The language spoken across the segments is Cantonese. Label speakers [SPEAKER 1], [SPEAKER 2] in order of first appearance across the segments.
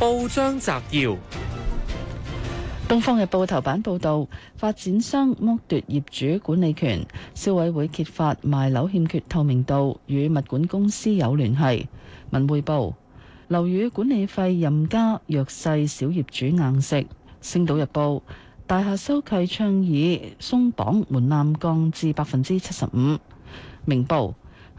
[SPEAKER 1] 報章摘要：《東方日報》頭版報道，發展商剝奪業主管理權，消委會揭發賣樓欠缺透明度，與物管公司有聯繫。《文匯報》樓宇管理費任加弱勢小業主硬食。《星島日報》大廈收契倡議鬆綁門檻降至百分之七十五。《明報》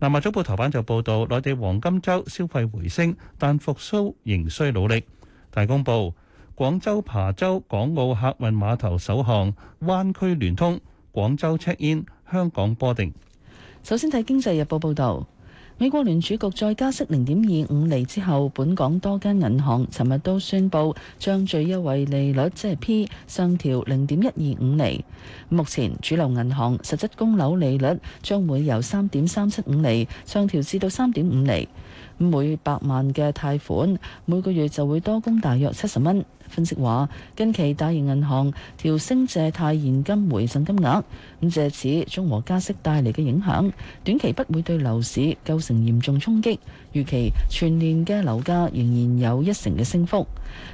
[SPEAKER 2] 南華早報頭版就報道，內地黃金周消費回升，但復甦仍需努力。大公報：廣州琶洲港澳客運碼頭首航，灣區聯通，廣州 check-in，香港 boarding。
[SPEAKER 1] 首先睇經濟日報報道。美國聯儲局再加息零點二五釐之後，本港多間銀行尋日都宣佈將最優惠利率即係、就是、P 上調零點一二五釐。目前主流銀行實質供樓利率將會由三點三七五釐上調至到三點五釐。每百萬嘅貸款每個月就會多供大約七十蚊。.分析話，近期大型銀行調升借貸現金回贈金額，咁藉此中和加息帶嚟嘅影響，短期不會對樓市構成嚴重衝擊。預期全年嘅樓價仍然有一成嘅升幅。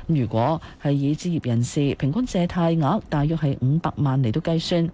[SPEAKER 1] 如果係以置業人士平均借貸額，大約係五百萬嚟到計算，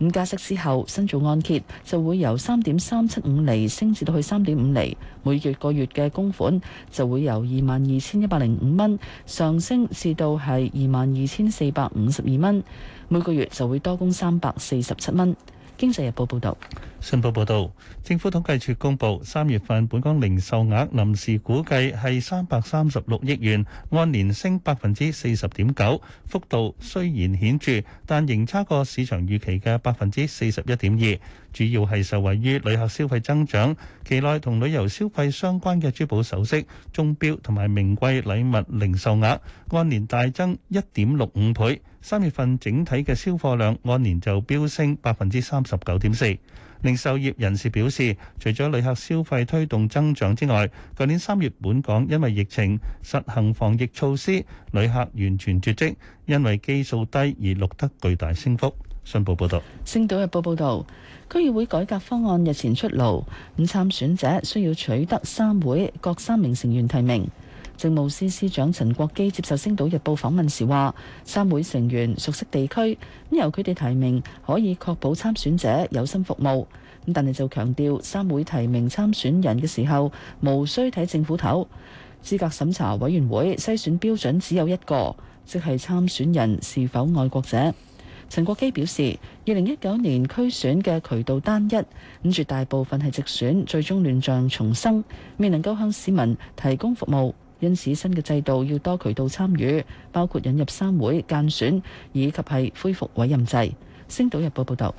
[SPEAKER 1] 咁加息之後新造按揭就會由三點三七五厘升至到去三點五厘，每月個月嘅供款就會由二萬二千一百零五蚊上升至到係二萬二千四百五十二蚊，每個月就會多供三百四十七蚊。經濟日報報道。
[SPEAKER 2] 信報報道，政府統計處公佈三月份本港零售額臨時估計係三百三十六億元，按年升百分之四十點九，幅度雖然顯著，但仍差過市場預期嘅百分之四十一點二。主要係受惠於旅客消費增長，期內同旅遊消費相關嘅珠寶首飾、鐘錶同埋名貴禮物零售額，按年大增一點六五倍。三月份整體嘅銷貨量按年就飆升百分之三十九點四。零售業人士表示，除咗旅客消費推動增長之外，去年三月本港因為疫情實行防疫措施，旅客完全絕跡，因為基數低而錄得巨大升幅。新報報導，
[SPEAKER 1] 《星島日報》報導，區議會改革方案日前出爐，咁參選者需要取得三會各三名成員提名。政務司司長陳國基接受《星島日報》訪問時話，三會成員熟悉地區，咁由佢哋提名可以確保參選者有心服務。咁但係就強調，三會提名參選人嘅時候，無需睇政府頭資格審查委員會，篩選標準只有一個，即係參選人是否愛國者。陳國基表示，二零一九年區選嘅渠道單一，絕大部分係直選，最終亂象重生，未能夠向市民提供服務。因此，新嘅制度要多渠道參與，包括引入三會間選以及係恢復委任制。星島日報報導。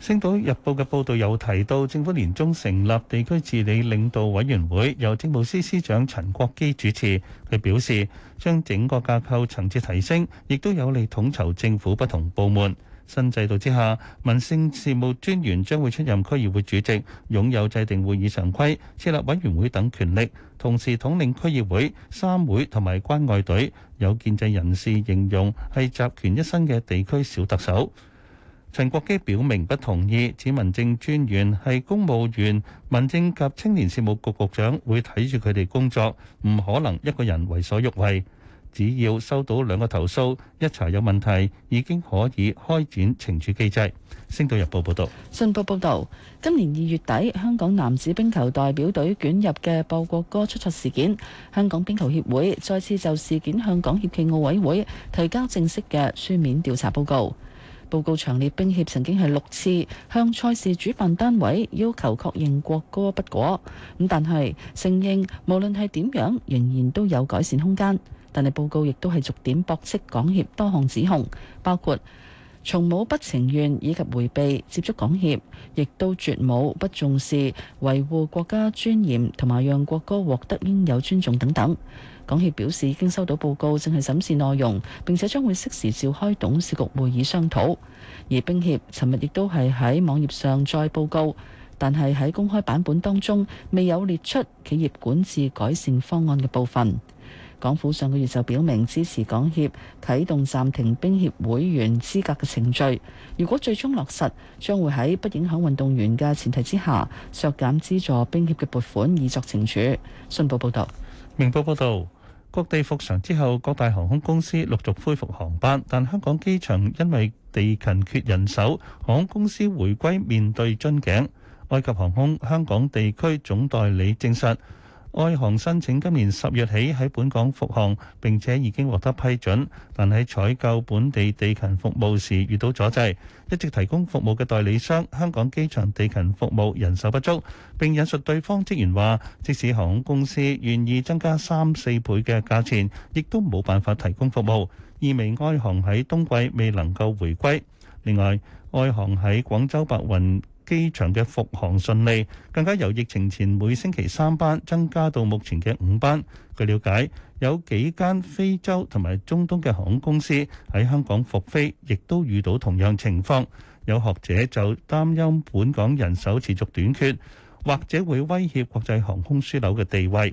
[SPEAKER 2] 《星島日報》嘅報導又提到，政府年中成立地區治理領導委員會，由政務司司長陳國基主持。佢表示，將整個架構層次提升，亦都有利統籌政府不同部門。新制度之下，民政事務專員將會出任區議會主席，擁有制定會議常規、設立委員會等權力，同時統領區議會、三會同埋關愛隊。有建制人士形容係集權一身嘅地區小特首。陳國基表明不同意，指民政專員係公務員，民政及青年事務局局長會睇住佢哋工作，唔可能一個人為所欲為。只要收到兩個投訴，一查有問題，已經可以開展懲處機制。星島日報報道：
[SPEAKER 1] 「信報報道，今年二月底，香港男子冰球代表隊捲入嘅播國歌出錯事件，香港冰球協會再次就事件向港協暨奧委會提交正式嘅書面調查報告。」報告強烈抨擊曾經係六次向賽事主辦單位要求確認國歌不果，咁但係承認無論係點樣，仍然都有改善空間。但係報告亦都係逐點駁斥港協多項指控，包括從冇不情願以及迴避接觸港協，亦都絕冇不重視維護國家尊嚴，同埋讓國歌獲得應有尊重等等。港協表示已經收到報告，正係審視內容，並且將會適時召開董事局會議商討。而冰協尋日亦都係喺網頁上載報告，但係喺公開版本當中未有列出企業管治改善方案嘅部分。港府上個月就表明支持港協啟動暫停冰協會員資格嘅程序，如果最終落實，將會喺不影響運動員嘅前提之下削減資助冰
[SPEAKER 2] 協嘅撥款以作懲處。信報報導，明報報導。各地復常之後，各大航空公司陸續恢復航班，但香港機場因為地勤缺人手，航空公司回歸面對樽頸。埃及航空香港地區總代理證實。外航申請今年十月起喺本港復航，並且已經獲得批准，但喺採購本地地勤服務時遇到阻滯。一直提供服務嘅代理商香港機場地勤服務人手不足，並引述對方職員話：即使航空公司願意增加三四倍嘅價錢，亦都冇辦法提供服務，意味外航喺冬季未能夠回歸。另外，外航喺廣州白雲。機場嘅復航順利，更加由疫情前每星期三班增加到目前嘅五班。據了解，有幾間非洲同埋中東嘅航空公司喺香港復飛，亦都遇到同樣情況。有學者就擔憂本港人手持續短缺，或者會威脅國際航空樞紐嘅地位。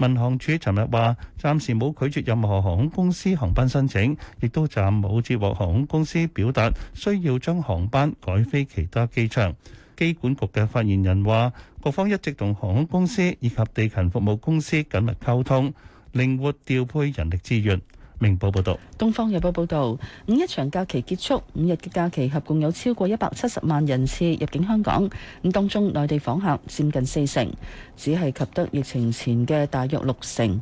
[SPEAKER 2] 民航處尋日話，暫時冇拒絕任何航空公司航班申請，亦都暫冇接獲航空公司表達需要將航班改飛其他機場。機管局嘅發言人話，各方一直同航空公司以及地勤服務公司緊密溝通，靈活調配人力資源。明報報導，《
[SPEAKER 1] 東方日報》報導，五一長假期結束，五日嘅假期合共有超過一百七十萬人次入境香港。咁當中，內地訪客佔近四成，只係及得疫情前嘅大約六成。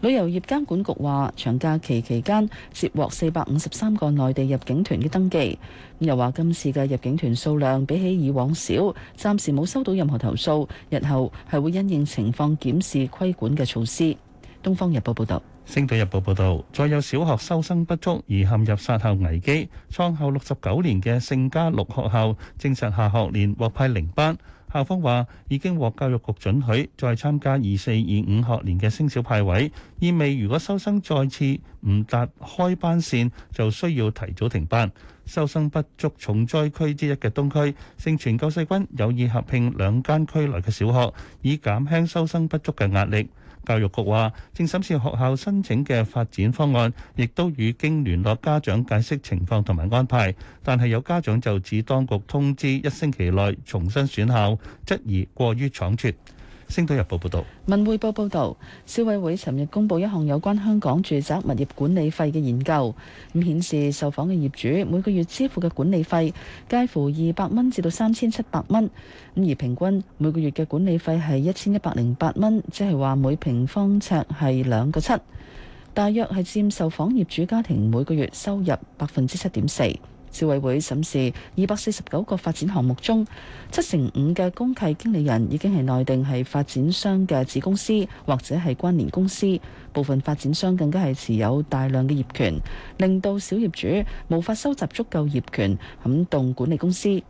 [SPEAKER 1] 旅遊業監管局話，長假期期間接獲四百五十三個內地入境團嘅登記。咁又話今次嘅入境團數量比起以往少，暫時冇收到任何投訴。日後係會因應情況檢視規管嘅措施。《東方日報》報導。
[SPEAKER 2] 星島日報報道，再有小學收生不足而陷入殺校危機，創校六十九年嘅聖加祿學校證實下學年獲派零班，校方話已經獲教育局准許再參加二四二五學年嘅升小派位，意味如果收生再次唔達開班線，就需要提早停班。收生不足重災區之一嘅東區，聖全救世軍有意合併兩間區內嘅小學，以減輕收生不足嘅壓力。教育局話，正審視學校申請嘅發展方案，亦都已經聯絡家長解釋情況同埋安排，但係有家長就指當局通知一星期內重新選校，質疑過於倉促。星島日報報道，
[SPEAKER 1] 文匯報報道，消委會尋日公佈一項有關香港住宅物業管理費嘅研究，咁顯示受訪嘅業主每個月支付嘅管理費介乎二百蚊至到三千七百蚊，咁而平均每個月嘅管理費係一千一百零八蚊，即係話每平方尺係兩個七，大約係佔受訪業主家庭每個月收入百分之七點四。消委會審視二百四十九個發展項目中，七成五嘅公契經理人已經係內定係發展商嘅子公司或者係關聯公司，部分發展商更加係持有大量嘅業權，令到小業主無法收集足夠業權撼動管理公司。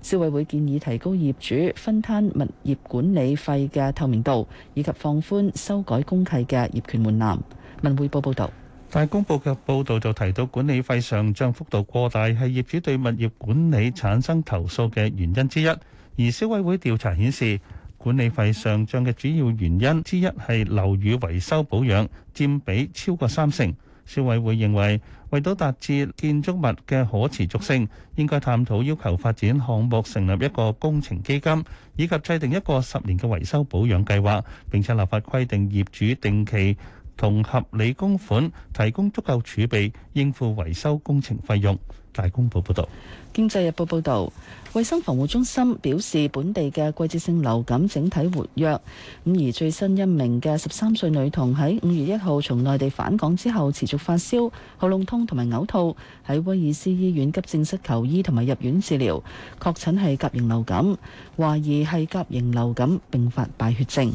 [SPEAKER 1] 消委會建議提高業主分攤物業管理費嘅透明度，以及放寬修改公契嘅業權門檻。文匯報報道。
[SPEAKER 2] 大公報嘅報道就提到，管理費上漲幅度過大係業主對物業管理產生投訴嘅原因之一。而消委會調查顯示，管理費上漲嘅主要原因之一係樓宇維修保養佔比超過三成。消委會認為，為咗達致建築物嘅可持續性，應該探討要求發展項目成立一個工程基金，以及制定一個十年嘅維修保養計劃，並且立法規定業主定期同合理供款，提供足夠儲備應付維修工程費用。大公報報道。
[SPEAKER 1] 經濟日報報道，衛生防護中心表示，本地嘅季節性流感整體活躍，咁而最新一名嘅十三歲女童喺五月一號從內地返港之後持續發燒、喉嚨痛同埋嘔吐，喺威爾斯醫院急症室求醫同埋入院治療，確診係甲型流感，懷疑係甲型流感併發敗血症。《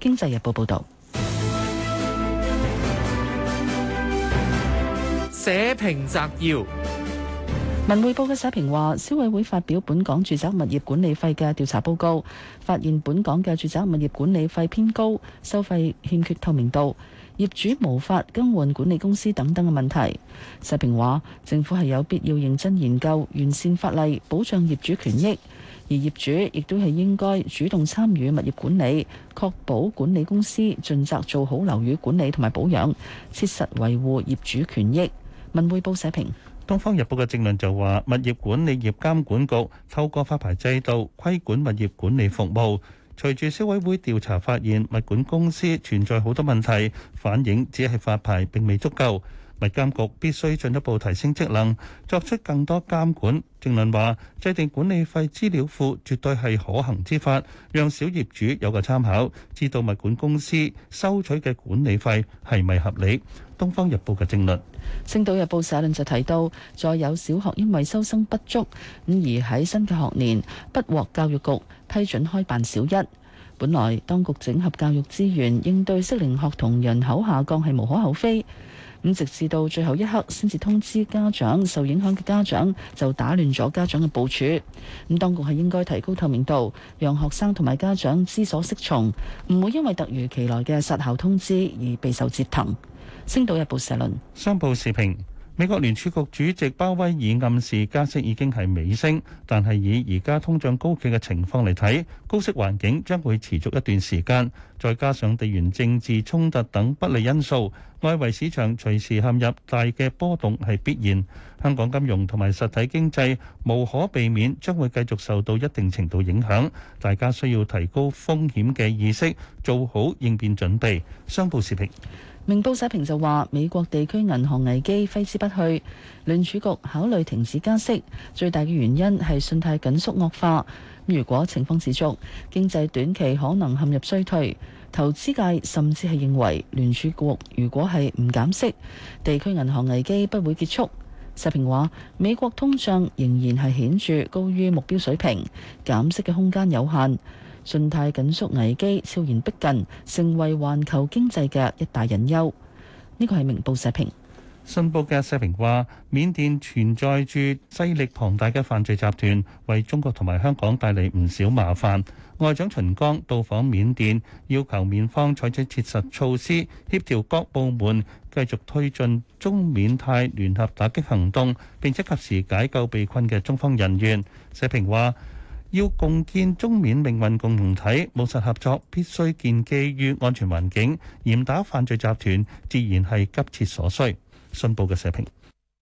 [SPEAKER 1] 經濟日報》報道。
[SPEAKER 2] 社評摘要：
[SPEAKER 1] 文匯報嘅社評話，消委會發表本港住宅物業管理費嘅調查報告，發現本港嘅住宅物業管理費偏高，收費欠缺透明度，業主無法更換管理公司等等嘅問題。社評話，政府係有必要認真研究完善法例，保障業主權益；而業主亦都係應該主動參與物業管理，確保管理公司盡責做好樓宇管理同埋保養，切實維
[SPEAKER 2] 護業主權益。文匯報社評：東方日報嘅正論就話，物業管理業監管局透過發牌制度規管物業管理服務，隨住消委會調查發現，物管公司存在好多問題，反映只係發牌並未足夠。物監局必須進一步提升職能，作出更多監管。政論話制定管理費資料庫絕對係可行之法，讓小業主有個參考，知道物管公司收取嘅管理費係咪合理。《東方日報》嘅政論，
[SPEAKER 1] 《星島日報》社論就提到，再有小學因為收生不足咁而喺新嘅學年不獲教育局批准開辦小一。本來當局整合教育資源，應對適齡學童人口下降係無可厚非。咁直至到最後一刻，先至通知家長受影響嘅家長，就打亂咗家長嘅部署。咁當局係應該提高透明度，讓學生同埋家長知所適從，唔會因為突如其來嘅殺校通知而備受折騰。星島日報社
[SPEAKER 2] 論。商報時評。美國聯儲局主席鮑威爾暗示加息已經係尾聲，但係以而家通脹高企嘅情況嚟睇，高息環境將會持續一段時間。再加上地緣政治衝突等不利因素，外圍市場隨時陷入大嘅波動係必然。香港金融同埋實體經濟無可避免將會繼續受到一定程度影響，大家需要提高風險嘅意識，做好應變準備。商報視頻。
[SPEAKER 1] 明報社評就話：美國地區銀行危機揮之不去，聯儲局考慮停止加息，最大嘅原因係信貸緊縮惡化。如果情況持續，經濟短期可能陷入衰退。投資界甚至係認為聯儲局如果係唔減息，地區銀行危機不會結束。社評話：美國通脹仍然係顯著高於目標水平，減息嘅空間有限。信貸緊縮危機悄然逼近，成為環球經濟嘅一大隱憂。呢個係明報社
[SPEAKER 2] 評。信報嘅社評話，緬甸存在住勢力龐大嘅犯罪集團，為中國同埋香港帶嚟唔少麻煩。外長秦剛到訪緬甸，要求緬方採取切實措施，協調各部門，繼續推進中緬泰聯合打擊行動，並且及時解救被困嘅中方人員。社評話。要共建中緬命運共同體，務實合作必須建基於安全環境，嚴打犯罪集團自然係急切所需。信報嘅社評。